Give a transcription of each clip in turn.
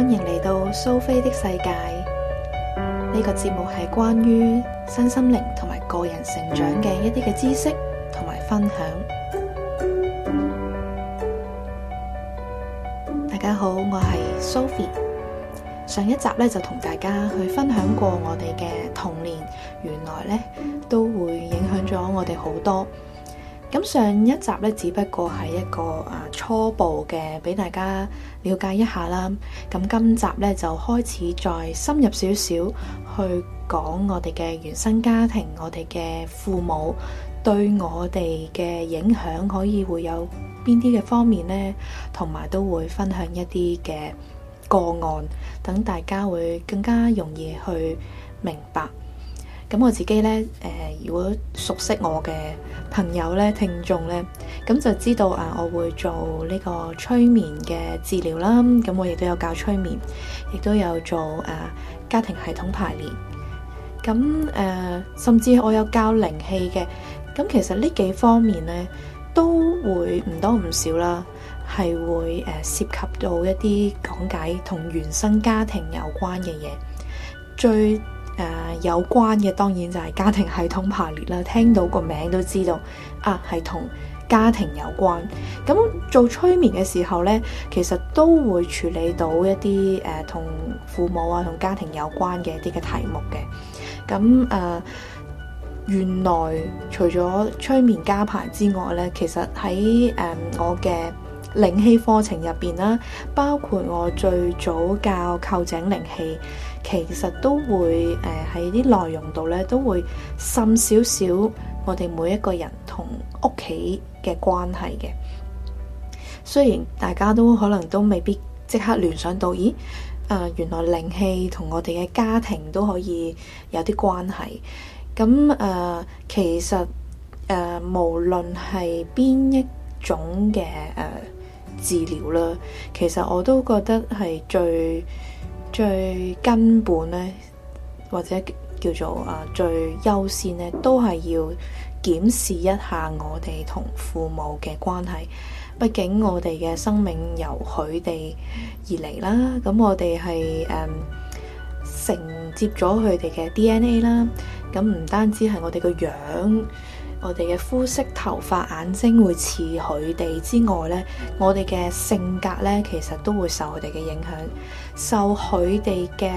歡迎嚟到蘇菲的世界，呢個節目係關於身心靈同埋個人成長嘅一啲嘅知識同埋分享。大家好，我係蘇菲。上一集呢，就同大家去分享過我哋嘅童年，原來呢都會影響咗我哋好多。咁上一集咧，只不過係一個啊初步嘅，俾大家了解一下啦。咁今集咧，就開始再深入少少去講我哋嘅原生家庭，我哋嘅父母對我哋嘅影響，可以會有邊啲嘅方面呢？同埋都會分享一啲嘅個案，等大家會更加容易去明白。咁我自己呢，誒，如果熟悉我嘅朋友呢、聽眾呢，咁就知道啊，我會做呢個催眠嘅治療啦。咁我亦都有教催眠，亦都有做誒家庭系統排列。咁誒，甚至我有教靈氣嘅。咁其實呢幾方面呢，都會唔多唔少啦，係會誒涉及到一啲講解同原生家庭有關嘅嘢。最誒、呃，有關嘅當然就係家庭系統排列啦，聽到個名都知道，啊，係同家庭有關。咁做催眠嘅時候呢，其實都會處理到一啲誒同父母啊同家庭有關嘅一啲嘅題目嘅。咁誒、呃，原來除咗催眠加排之外呢，其實喺誒、呃、我嘅，靈氣課程入邊啦，包括我最早教臼井靈氣，其實都會誒喺啲內容度咧，都會滲少少我哋每一個人同屋企嘅關係嘅。雖然大家都可能都未必即刻聯想到，咦？啊、呃，原來靈氣同我哋嘅家庭都可以有啲關係。咁、嗯、誒、呃，其實誒、呃，無論係邊一種嘅誒。呃治療啦，其實我都覺得係最最根本咧，或者叫做啊最優先咧，都係要檢視一下我哋同父母嘅關係。畢竟我哋嘅生命由佢哋而嚟啦，咁我哋係、um, 承接咗佢哋嘅 DNA 啦。咁唔單止係我哋個樣。我哋嘅膚色、頭髮、眼睛會似佢哋之外咧，我哋嘅性格咧，其實都會受佢哋嘅影響，受佢哋嘅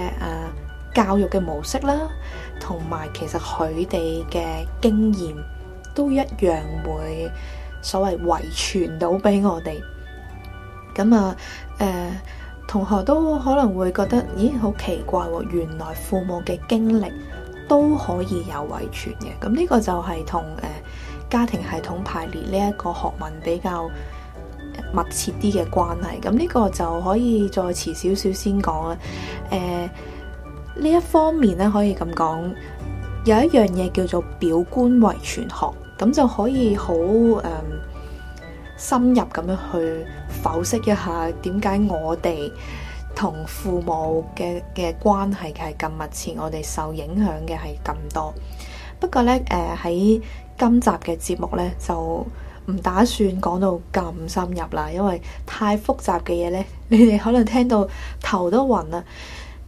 誒教育嘅模式啦，同埋其實佢哋嘅經驗都一樣會所謂遺傳到俾我哋。咁啊，誒、呃、同學都可能會覺得，咦，好奇怪喎，原來父母嘅經歷。都可以有遺傳嘅，咁呢個就係同誒家庭系統排列呢一個學問比較密切啲嘅關係。咁呢個就可以再遲少少先講啦。誒、呃、呢一方面咧，可以咁講，有一樣嘢叫做表觀遺傳學，咁就可以好誒、呃、深入咁樣去剖析一下點解我哋同父母嘅嘅關係係咁密切，我哋受影響嘅係咁多。不過咧，誒、呃、喺今集嘅節目咧，就唔打算講到咁深入啦，因為太複雜嘅嘢咧，你哋可能聽到頭都暈啦。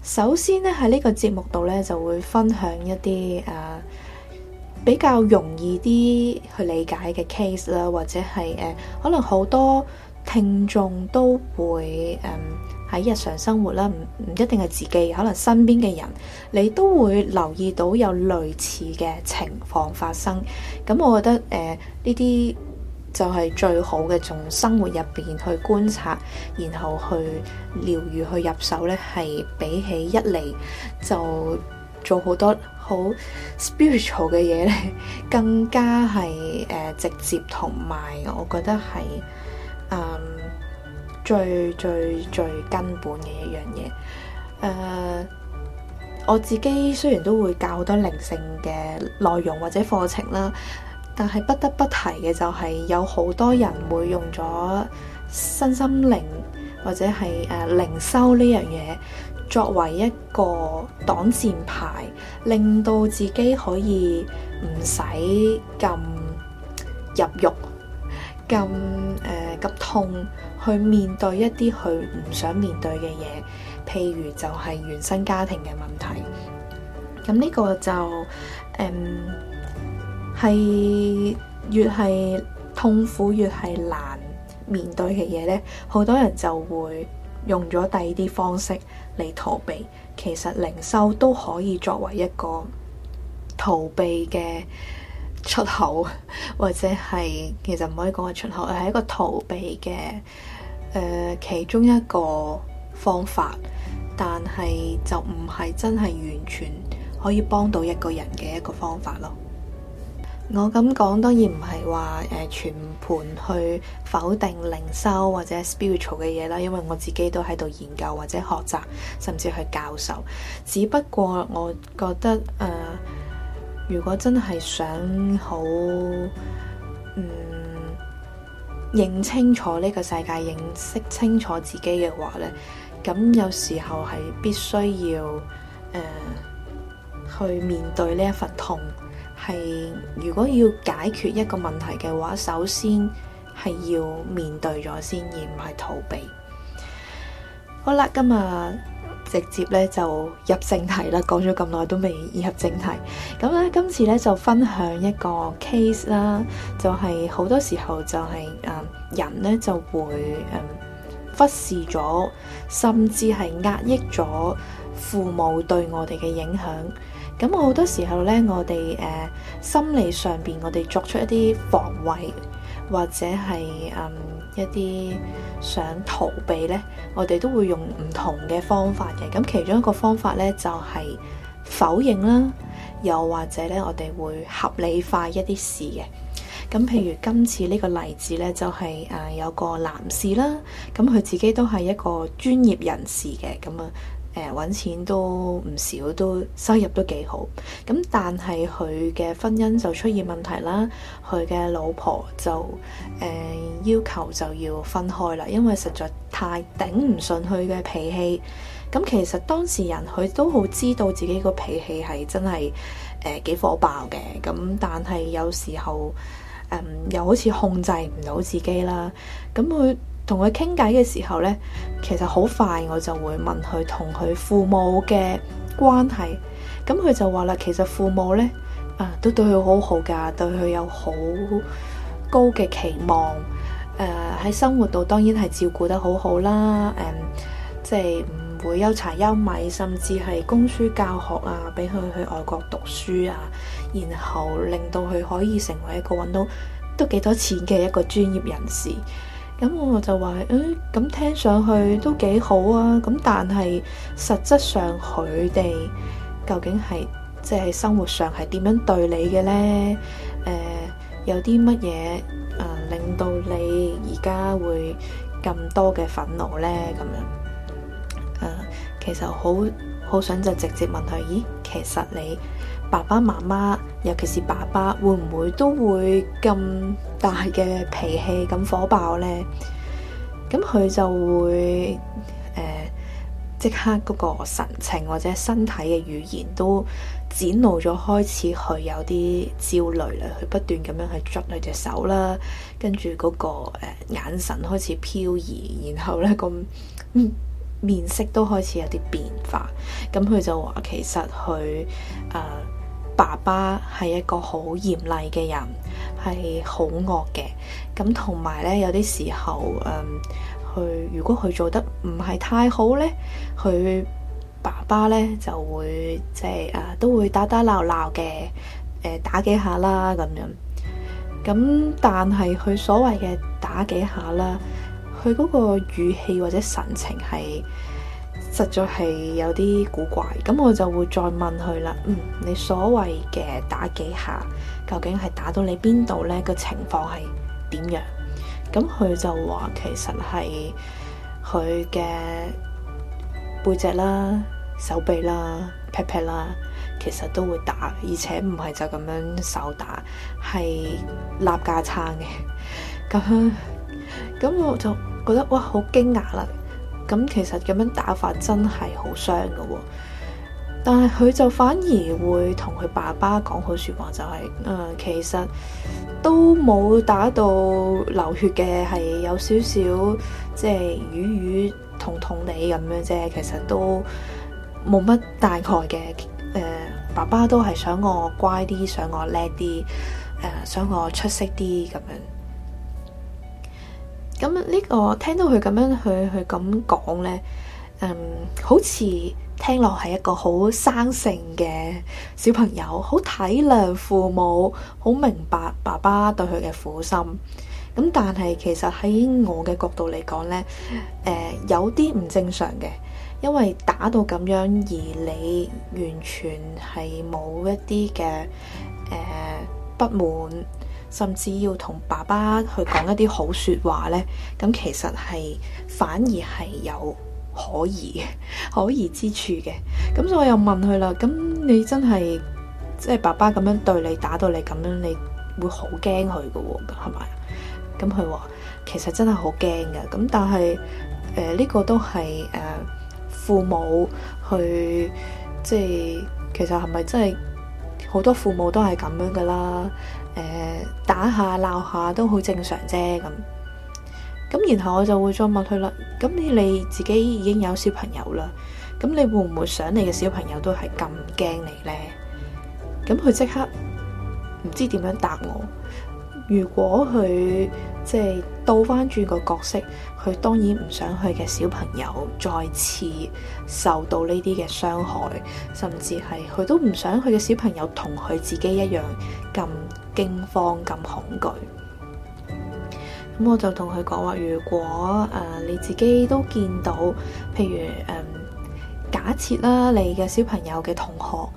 首先咧，喺呢個節目度咧，就會分享一啲誒、呃、比較容易啲去理解嘅 case 啦，或者係誒、呃、可能好多聽眾都會誒。呃喺日常生活啦，唔唔一定係自己，可能身邊嘅人，你都會留意到有類似嘅情況發生。咁我覺得誒呢啲就係最好嘅，從生活入邊去觀察，然後去療癒去入手咧，係比起一嚟就做好多好 spiritual 嘅嘢咧，更加係誒、呃、直接同埋，我覺得係嗯。最最最根本嘅一樣嘢，誒、uh，我自己雖然都會教好多靈性嘅內容或者課程啦，但係不得不提嘅就係有好多人會用咗身心靈或者係誒靈修呢樣嘢作為一個擋箭牌，令到自己可以唔使咁入肉咁誒急痛。去面對一啲佢唔想面對嘅嘢，譬如就係原生家庭嘅問題。咁呢個就誒，係、嗯、越係痛苦越係難面對嘅嘢呢，好多人就會用咗第二啲方式嚟逃避。其實靈修都可以作為一個逃避嘅出口，或者係其實唔可以講係出口，係一個逃避嘅。誒，其中一個方法，但係就唔係真係完全可以幫到一個人嘅一個方法咯。我咁講，當然唔係話誒全盤去否定靈修或者 spiritual 嘅嘢啦，因為我自己都喺度研究或者學習，甚至去教授。只不過我覺得誒、呃，如果真係想好，嗯。認清楚呢個世界，認識清楚自己嘅話呢。咁有時候係必須要、呃、去面對呢一份痛。係如果要解決一個問題嘅話，首先係要面對咗先，而唔係逃避。好啦，今日。直接咧就入正題啦，講咗咁耐都未入正題。咁咧今次咧就分享一個 case 啦，就係好多時候就係、是、誒、呃、人咧就會、呃、忽視咗，甚至係壓抑咗父母對我哋嘅影響。咁我好多時候咧，我哋誒、呃、心理上邊我哋作出一啲防衞或者係誒。呃一啲想逃避呢，我哋都會用唔同嘅方法嘅。咁其中一個方法呢，就係否認啦，又或者呢，我哋會合理化一啲事嘅。咁譬如今次呢個例子呢，就係誒有個男士啦，咁佢自己都係一個專業人士嘅咁啊。誒揾錢都唔少，都收入都幾好。咁但係佢嘅婚姻就出現問題啦，佢嘅老婆就誒、呃、要求就要分開啦，因為實在太頂唔順佢嘅脾氣。咁其實當事人佢都好知道自己個脾氣係真係誒幾火爆嘅，咁但係有時候誒、呃、又好似控制唔到自己啦。咁佢同佢傾偈嘅時候呢，其實好快我就會問佢同佢父母嘅關係。咁佢就話啦，其實父母呢啊，都對佢好好噶，對佢有好高嘅期望。誒、啊、喺生活度當然係照顧得好好啦、啊。即係唔會憂柴憂米，甚至係供書教學啊，俾佢去外國讀書啊，然後令到佢可以成為一個揾到都幾多錢嘅一個專業人士。咁我就話誒，咁、嗯、聽上去都幾好啊！咁但係實質上佢哋究竟係即係生活上係點樣對你嘅呢？誒、呃，有啲乜嘢誒令到你而家會咁多嘅憤怒呢？咁樣誒、呃，其實好好想就直接問佢，咦，其實你？爸爸媽媽，尤其是爸爸，會唔會都會咁大嘅脾氣咁火爆呢？咁佢就會誒即刻嗰個神情或者身體嘅語言都展露咗，開始佢有啲焦慮啦。佢不斷咁樣去抓佢隻手啦，跟住嗰個、呃、眼神開始漂移，然後呢，咁、嗰個嗯、面色都開始有啲變化。咁佢就話其實佢誒。呃爸爸係一個好嚴厲嘅人，係好惡嘅。咁同埋咧，有啲時候，嗯，佢如果佢做得唔係太好咧，佢爸爸咧就會即係啊，都會打打鬧鬧嘅，誒、呃，打幾下啦咁樣。咁但係佢所謂嘅打幾下啦，佢嗰個語氣或者神情係。實在係有啲古怪，咁我就會再問佢啦。嗯，你所謂嘅打幾下，究竟係打到你邊度呢？個情況係點樣？咁佢就話其實係佢嘅背脊啦、手臂啦、pat pat 啦，其實都會打，而且唔係就咁樣手打，係立架撐嘅。咁 咁我就覺得哇，好驚訝啦！咁其實咁樣打法真係好傷噶，但係佢就反而會同佢爸爸講好說話，就係、是、誒、嗯，其實都冇打到流血嘅，係有少少即係瘀瘀痛痛地咁樣啫。其實都冇乜大礙嘅。誒、呃，爸爸都係想我乖啲，想我叻啲，誒、呃，想我出色啲咁樣。咁呢、呢個聽到佢咁樣去去咁講呢，嗯，好似聽落係一個好生性嘅小朋友，好體諒父母，好明白爸爸對佢嘅苦心。咁但係其實喺我嘅角度嚟講呢，誒、呃，有啲唔正常嘅，因為打到咁樣而你完全係冇一啲嘅，誒不滿。甚至要同爸爸去講一啲好說話呢，咁其實係反而係有可疑嘅、可疑之處嘅。咁所以我又問佢啦，咁你真係即係爸爸咁樣對你打到你咁樣，你會好驚佢噶喎？係咪？咁佢話其實真係好驚嘅。咁但係誒呢個都係誒、呃、父母去即係其實係咪真係好多父母都係咁樣噶啦？誒，uh, 打下鬧下都好正常啫咁。咁然後我就會再問佢啦。咁你你自己已經有小朋友啦，咁你會唔會想你嘅小朋友都係咁驚你呢？咁佢即刻唔知點樣答我。如果佢即係倒翻轉個角色，佢當然唔想佢嘅小朋友再次受到呢啲嘅傷害，甚至係佢都唔想佢嘅小朋友同佢自己一樣咁。驚慌咁恐懼，咁我就同佢講話，如果誒、呃、你自己都見到，譬如、呃、假設啦、啊，你嘅小朋友嘅同學，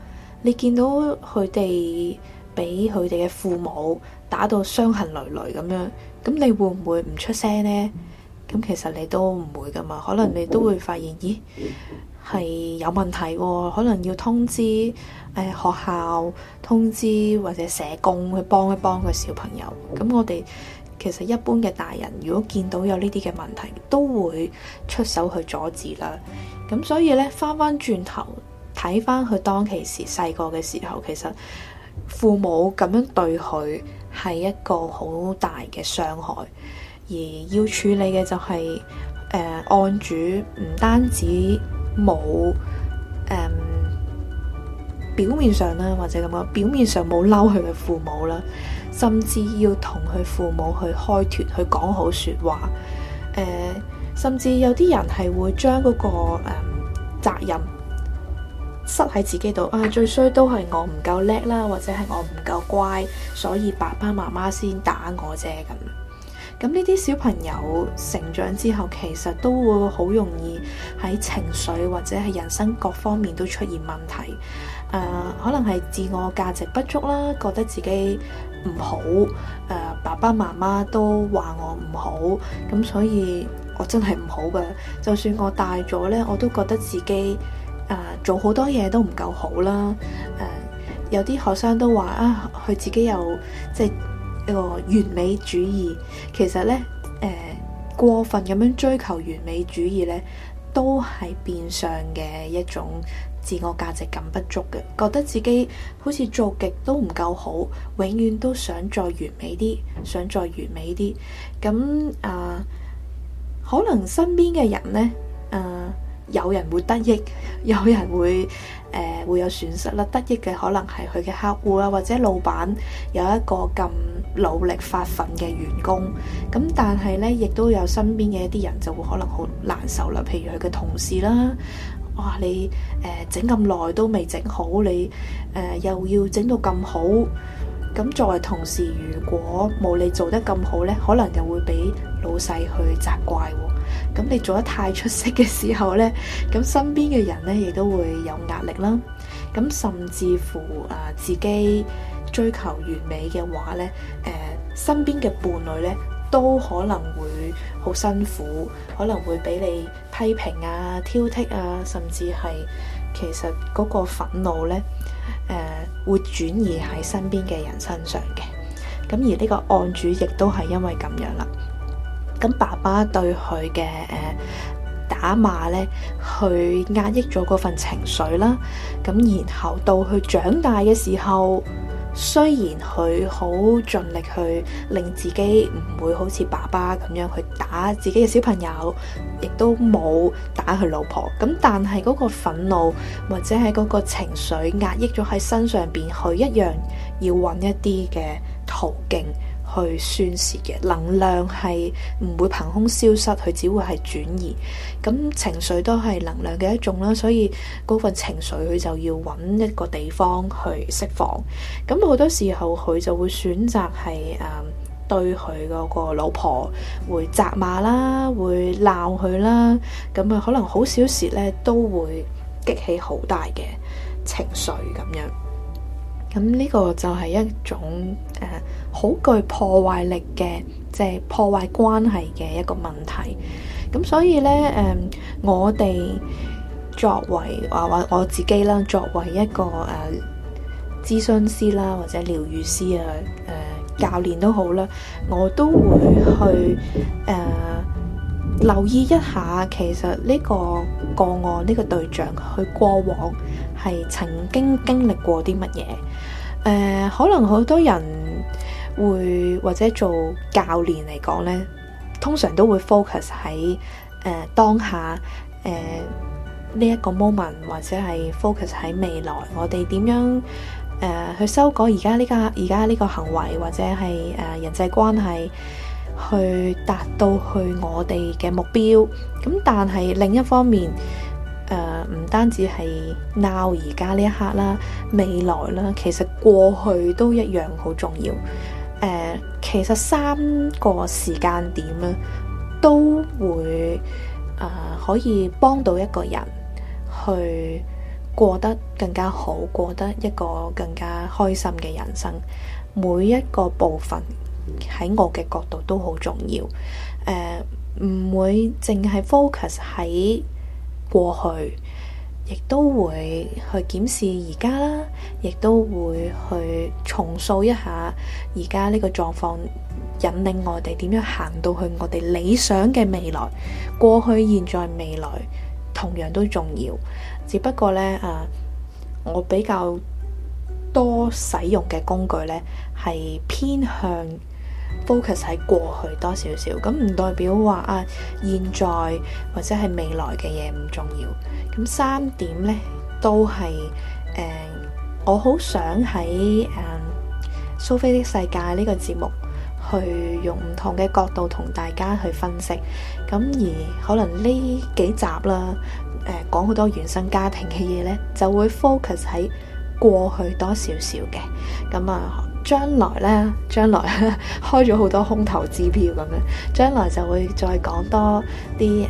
你見到佢哋俾佢哋嘅父母打到傷痕累累咁樣，咁你會唔會唔出聲呢？咁其實你都唔會㗎嘛，可能你都會發現，咦？係有問題喎，可能要通知誒、哎、學校通知或者社工去幫一幫個小朋友。咁我哋其實一般嘅大人，如果見到有呢啲嘅問題，都會出手去阻止啦。咁所以呢，翻翻轉頭睇翻佢當其時細個嘅時候，其實父母咁樣對佢係一個好大嘅傷害，而要處理嘅就係誒案主唔單止。冇誒表面上啦，或者咁樣，表面上冇嬲佢嘅父母啦，甚至要同佢父母去開脱，去講好説話。誒、呃，甚至有啲人係會將嗰個誒、呃、責任塞喺自己度啊！最衰都係我唔夠叻啦，或者係我唔夠乖，所以爸爸媽媽先打我啫咁。咁呢啲小朋友成長之後，其實都會好容易喺情緒或者係人生各方面都出現問題。誒、呃，可能係自我價值不足啦，覺得自己唔好。誒、呃，爸爸媽媽都話我唔好，咁所以我真係唔好噶。就算我大咗呢，我都覺得自己誒、呃、做好多嘢都唔夠好啦。誒，有啲學生都話啊，佢自己又，即係。一個完美主義，其實呢，誒、呃，過分咁樣追求完美主義呢，都係變相嘅一種自我價值感不足嘅，覺得自己好似做極都唔夠好，永遠都想再完美啲，想再完美啲，咁啊、呃，可能身邊嘅人呢，誒、呃，有人會得益，有人會。會有損失，得益的可能是他的客戶或者老闆，有一個那麼努力發奮的員工，但是也有身邊的人就會可能很難受，譬如他的同事，哇，你整那麼久都沒整好，你又要整到那麼好，作為同事如果冇你做得那麼好，可能就會被老細責怪。咁你做得太出色嘅時候呢，咁身邊嘅人呢亦都會有壓力啦。咁甚至乎啊、呃，自己追求完美嘅話呢，誒、呃、身邊嘅伴侶呢都可能會好辛苦，可能會俾你批評啊、挑剔啊，甚至係其實嗰個憤怒呢誒、呃、會轉移喺身邊嘅人身上嘅。咁而呢個案主亦都係因為咁樣啦。爸爸對佢嘅誒打罵咧，去壓抑咗嗰份情緒啦。咁然後到佢長大嘅時候，雖然佢好盡力去令自己唔會好似爸爸咁樣去打自己嘅小朋友，亦都冇打佢老婆。咁但係嗰個憤怒或者係嗰個情緒壓抑咗喺身上邊，佢一樣要揾一啲嘅途徑。去宣洩嘅能量係唔會憑空消失，佢只會係轉移。咁情緒都係能量嘅一種啦，所以嗰份情緒佢就要揾一個地方去釋放。咁好多時候佢就會選擇係誒、呃、對佢嗰個老婆會責罵啦，會鬧佢啦。咁啊，可能好少時咧都會激起好大嘅情緒咁樣。咁呢個就係一種誒。呃好具破壞力嘅，即係破壞關係嘅一個問題，咁所以咧，誒，我哋作為話或我自己啦，作為一個誒諮詢師啦，或者療癒師啊，誒教練都好啦，我都會去誒留意一下，其實呢個個案呢個對象佢過往係曾經經歷過啲乜嘢？誒，可能好多人。會或者做教練嚟講呢通常都會 focus 喺誒、呃、當下誒呢一個 moment，或者係 focus 喺未來，我哋點樣誒、呃、去修改而家呢個而家呢個行為，或者係誒、呃、人際關係，去達到去我哋嘅目標。咁但係另一方面，誒、呃、唔單止係 now 而家呢一刻啦，未來啦，其實過去都一樣好重要。誒，uh, 其實三個時間點啦，都會啊、uh, 可以幫到一個人去過得更加好，過得一個更加開心嘅人生。每一個部分喺我嘅角度都好重要，誒、uh, 唔會淨係 focus 喺過去。亦都會去檢視而家啦，亦都會去重塑一下而家呢個狀況，引領我哋點樣行到去我哋理想嘅未來。過去、現在、未來同樣都重要，只不過呢，啊，我比較多使用嘅工具呢係偏向 focus 喺過去多少少，咁唔代表話啊，現在或者係未來嘅嘢唔重要。咁三點呢，都係誒、呃，我好想喺誒、呃、蘇菲的世界呢個節目去用唔同嘅角度同大家去分析。咁而可能呢幾集啦誒、呃，講好多原生家庭嘅嘢呢，就會 focus 喺過去多少少嘅。咁啊。將來咧，將來咧，開咗好多空頭支票咁樣，將來就會再講多啲誒，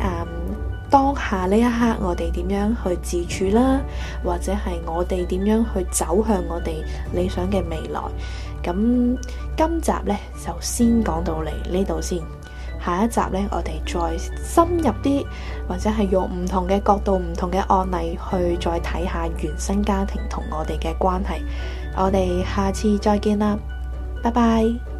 當下呢一刻我哋點樣去自處啦，或者係我哋點樣去走向我哋理想嘅未來。咁今集呢就先講到嚟呢度先，下一集呢我哋再深入啲，或者係用唔同嘅角度、唔同嘅案例去再睇下原生家庭同我哋嘅關係。我哋下次再見啦，拜拜。